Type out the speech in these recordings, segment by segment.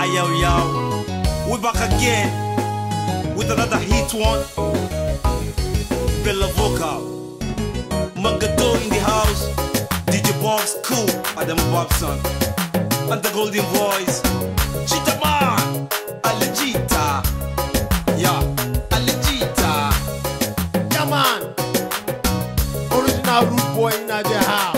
Ayo, yo, we back again with another hit one. Bella Vocal, Mangato in the house, DJ Box Cool, Adam Bobson, and the Golden Voice, Cheetah Man, yeah, Alegita, yeah man, original root boy in the house.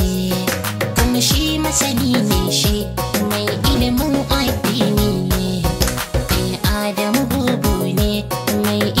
masani ne shi mai ilimin addini ne mai adamu bubu ne mai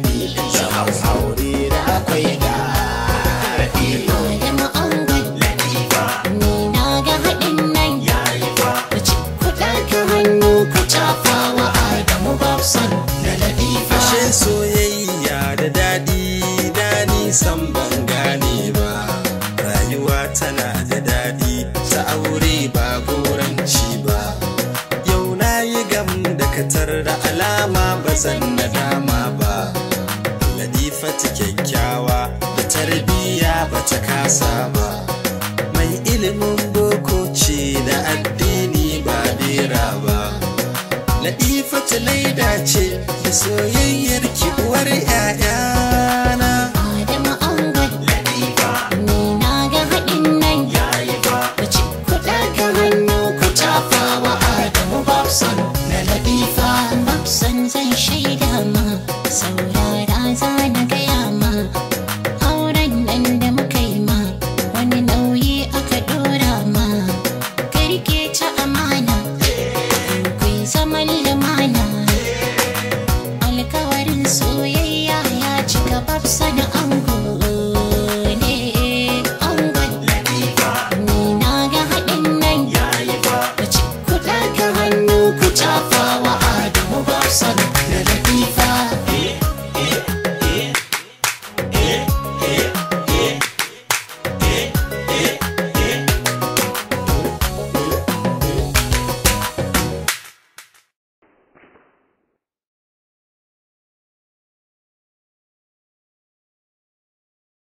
tana da daɗi ta aure ba goranci ba yau na yi gam da katar da alama ba zan na dama ba ladifatu kyakkyawa da tarbiyya ba ta kasa ba mai ilimin boko ce da addini ba dera ba ladifatu laida ce da soyayyar ki 'ya'ya Sun.